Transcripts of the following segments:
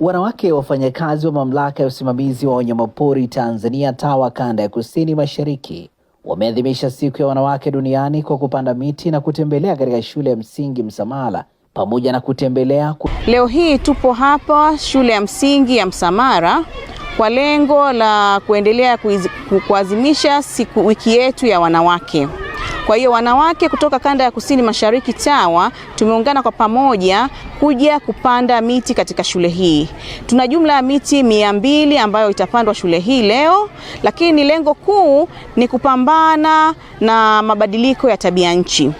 Wanawake wafanyakazi wa mamlaka ya usimamizi wa wanyamapori Tanzania TAWA kanda ya kusini mashariki wameadhimisha siku ya wanawake duniani kwa kupanda miti na kutembelea katika shule ya msingi Msamala pamoja na kutembelea. Leo hii tupo hapa shule ya msingi ya Msamara kwa lengo la kuendelea kuazimisha siku wiki yetu ya wanawake. Kwa hiyo wanawake kutoka kanda ya kusini mashariki TAWA tumeungana kwa pamoja kuja kupanda miti katika shule hii. Tuna jumla ya miti mia mbili ambayo itapandwa shule hii leo, lakini lengo kuu ni kupambana na mabadiliko ya tabia nchi.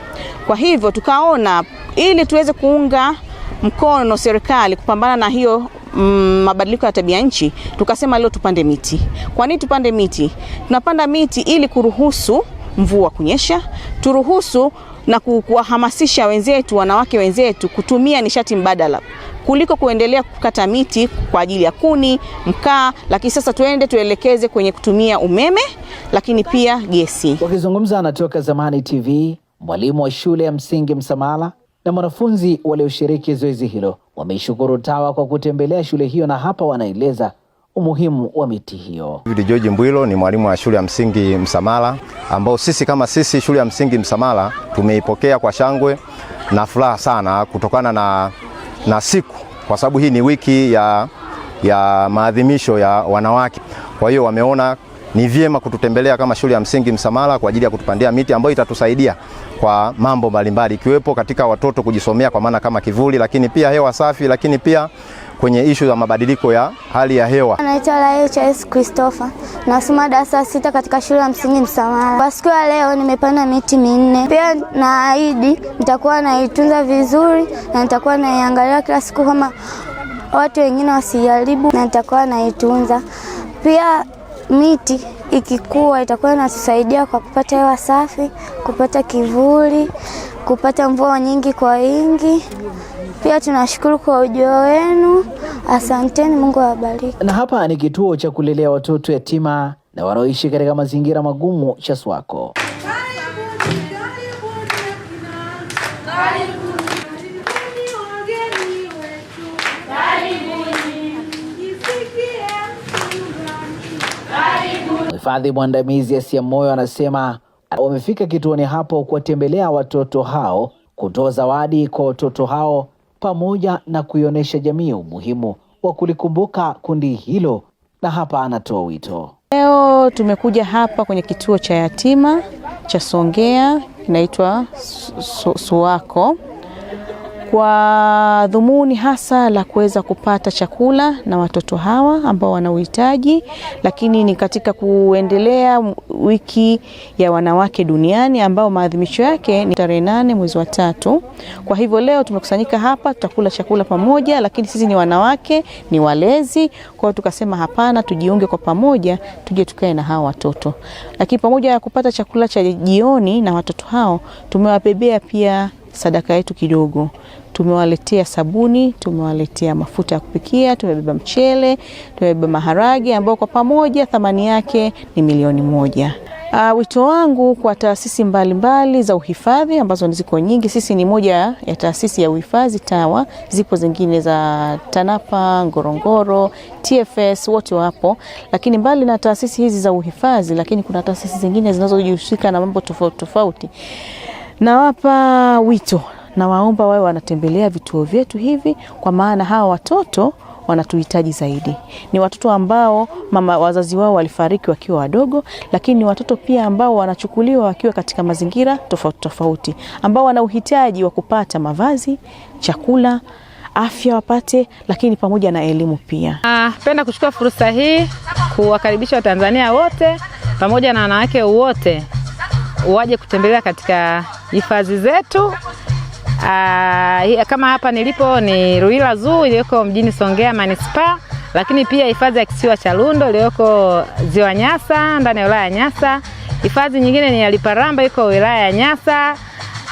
Kwa hivyo tukaona ili tuweze kuunga mkono serikali kupambana na hiyo Mm, mabadiliko ya tabia nchi, tukasema leo tupande miti. Kwa nini tupande miti? Tunapanda miti ili kuruhusu mvua kunyesha, turuhusu na kuwahamasisha wenzetu, wanawake wenzetu kutumia nishati mbadala kuliko kuendelea kukata miti kwa ajili ya kuni, mkaa, lakini sasa tuende tuelekeze kwenye kutumia umeme, lakini pia gesi. Wakizungumza na Toka Zamani TV, mwalimu wa shule ya msingi Msamala na mwanafunzi walioshiriki zoezi hilo wameishukuru TAWA kwa kutembelea shule hiyo, na hapa wanaeleza umuhimu wa miti hiyo. David George Mbwilo ni mwalimu wa shule ya msingi Msamala, ambao sisi kama sisi shule ya msingi Msamala tumeipokea kwa shangwe na furaha sana kutokana na, na siku kwa sababu hii ni wiki ya, ya maadhimisho ya wanawake. Kwa hiyo wameona ni vyema kututembelea kama shule ya msingi Msamala kwa ajili ya kutupandia miti ambayo itatusaidia kwa mambo mbalimbali ikiwepo katika watoto kujisomea kwa maana kama kivuli, lakini pia hewa safi, lakini pia kwenye ishu za mabadiliko ya hali ya hewa. Anaitwa Laelis Christopher, nasoma darasa sita katika shule ya msingi msamara Kwa siku ya leo nimepanda miti minne. Pia naahidi nitakuwa naitunza vizuri na nitakuwa naiangalia kila siku kama watu wengine wasijaribu, na nitakuwa naitunza pia miti ikikua itakuwa inatusaidia kwa kupata hewa safi, kupata kivuli kupata mvua nyingi kwa wingi. Pia tunashukuru kwa ujio wenu, asanteni. Mungu awabariki. Na hapa ni kituo cha kulelea watoto yatima na wanaoishi katika mazingira magumu cha Swako. Mhifadhi mwandamizi Asia Moyo anasema wamefika kituoni hapo kuwatembelea watoto hao, kutoa zawadi kwa watoto hao, pamoja na kuionyesha jamii umuhimu wa kulikumbuka kundi hilo, na hapa anatoa wito. Leo tumekuja hapa kwenye kituo cha yatima cha Songea, kinaitwa Suwako kwa dhumuni hasa la kuweza kupata chakula na watoto hawa ambao wana uhitaji, lakini ni katika kuendelea wiki ya wanawake duniani ambao maadhimisho yake ni tarehe nane mwezi wa tatu. Kwa hivyo leo tumekusanyika hapa, tutakula chakula pamoja, lakini sisi ni wanawake, ni walezi, kwa hiyo tukasema hapana, tujiunge kwa pamoja, tuje tukae na hawa watoto. Lakini pamoja ya kupata chakula cha jioni na watoto hao, tumewabebea pia sadaka yetu kidogo. Tumewaletea sabuni, tumewaletea mafuta ya kupikia, tumebeba mchele, tumebeba maharage ambayo kwa pamoja thamani yake ni milioni moja. Uh, wito wangu kwa taasisi mbalimbali za uhifadhi ambazo ziko nyingi. Sisi ni moja ya taasisi ya uhifadhi TAWA, zipo zingine za TANAPA, Ngorongoro, TFS, wote wapo. Lakini mbali na taasisi hizi za uhifadhi, lakini kuna taasisi zingine zinazojihusika na mambo tofauti tofauti. Nawapa wito na waomba wawe wanatembelea vituo vyetu hivi, kwa maana hawa watoto wanatuhitaji zaidi. Ni watoto ambao mama wazazi wao walifariki wakiwa wadogo, lakini ni watoto pia ambao wanachukuliwa wakiwa katika mazingira tofauti tofauti, ambao wana uhitaji wa kupata mavazi, chakula, afya wapate, lakini pamoja na elimu pia. Napenda kuchukua fursa hii kuwakaribisha Watanzania wote pamoja na wanawake wote waje kutembelea katika hifadhi zetu. Aa, ah, kama hapa nilipo ni Ruila Zoo iliyoko mjini Songea manispaa, lakini pia hifadhi ya kisiwa cha Lundo iliyoko ziwa Nyasa ndani ya wilaya ya Nyasa. Hifadhi nyingine ni ya Liparamba iko wilaya ya Nyasa.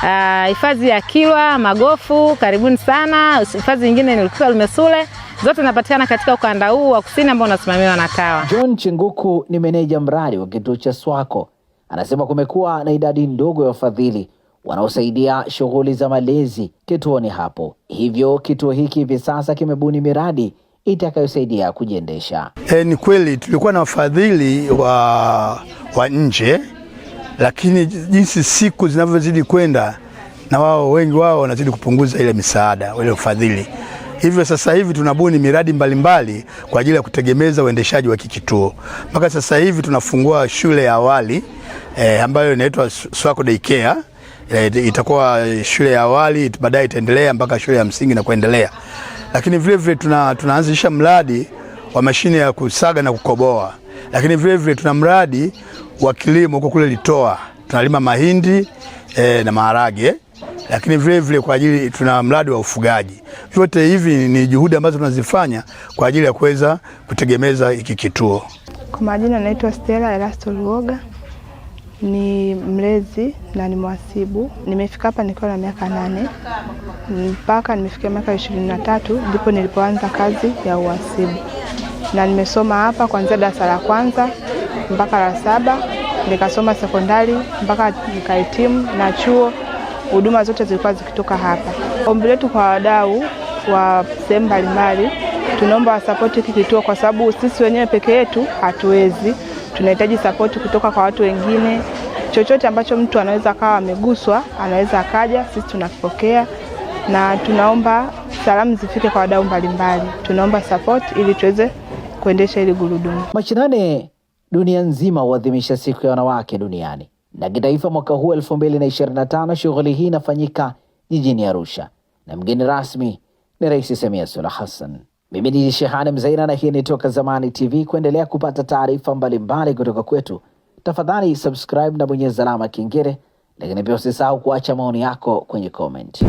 Ah, hifadhi ya Kilwa Magofu, karibuni sana. Hifadhi nyingine ni Lukiwa Lumesule, zote zinapatikana katika ukanda huu wa kusini ambao unasimamiwa na TAWA. John Chinguku ni meneja mradi wa kituo cha Swako, anasema kumekuwa na idadi ndogo ya wafadhili wanaosaidia shughuli za malezi kituoni hapo. Hivyo kituo hiki hivi sasa kimebuni miradi itakayosaidia kujiendesha. E, ni kweli tulikuwa na wafadhili wa, wa nje, lakini jinsi siku zinavyozidi kwenda na wao wengi wao wanazidi kupunguza ile misaada, ile ufadhili. Hivyo sasa hivi tunabuni miradi mbalimbali mbali kwa ajili ya kutegemeza uendeshaji wa kikituo. Mpaka sasa hivi tunafungua shule ya awali eh, ambayo inaitwa Swako Daycare Eh, itakuwa eh, shule ya awali, baadaye itaendelea mpaka shule ya msingi na kuendelea. Lakini vile vile tuna, tunaanzisha mradi wa mashine ya kusaga na kukoboa, lakini vile vile tuna mradi wa kilimo huko kule Litoa, tunalima mahindi e, na maharage lakini vile vile kwa ajili tuna mradi wa ufugaji. Vyote hivi ni juhudi ambazo tunazifanya kwa ajili ya kuweza kutegemeza hiki kituo. Kwa majina naitwa Stella Erasto Luoga. Ni mlezi na ni mwasibu Nimefika hapa nikiwa na miaka nane mpaka nimefikia miaka ishirini na tatu ndipo nilipoanza kazi ya uhasibu, na nimesoma hapa kuanzia darasa la kwanza mpaka la saba, nikasoma sekondari mpaka nikahitimu na chuo. Huduma zote zilikuwa zikitoka hapa. Ombi letu kwa wadau wa sehemu mbalimbali, tunaomba wasapoti hiki kituo kwa sababu sisi wenyewe peke yetu hatuwezi tunahitaji sapoti kutoka kwa watu wengine. Chochote ambacho mtu anaweza akawa ameguswa, anaweza akaja, sisi tunakipokea na tunaomba salamu zifike kwa wadau mbalimbali. Tunaomba sapoti ili tuweze kuendesha hili gurudumu. Machi nane, dunia nzima huadhimisha siku ya wanawake duniani na kitaifa. Mwaka huu 2025 shughuli hii inafanyika jijini Arusha na mgeni rasmi ni Rais Samia Suluhu Hassan. Mimi ni Shehani Mzaina na hii ni Toka Zamani TV. Kuendelea kupata taarifa mbalimbali kutoka kwetu, tafadhali subscribe na bonyeza alama kengele, lakini pia usisahau kuacha maoni yako kwenye comment.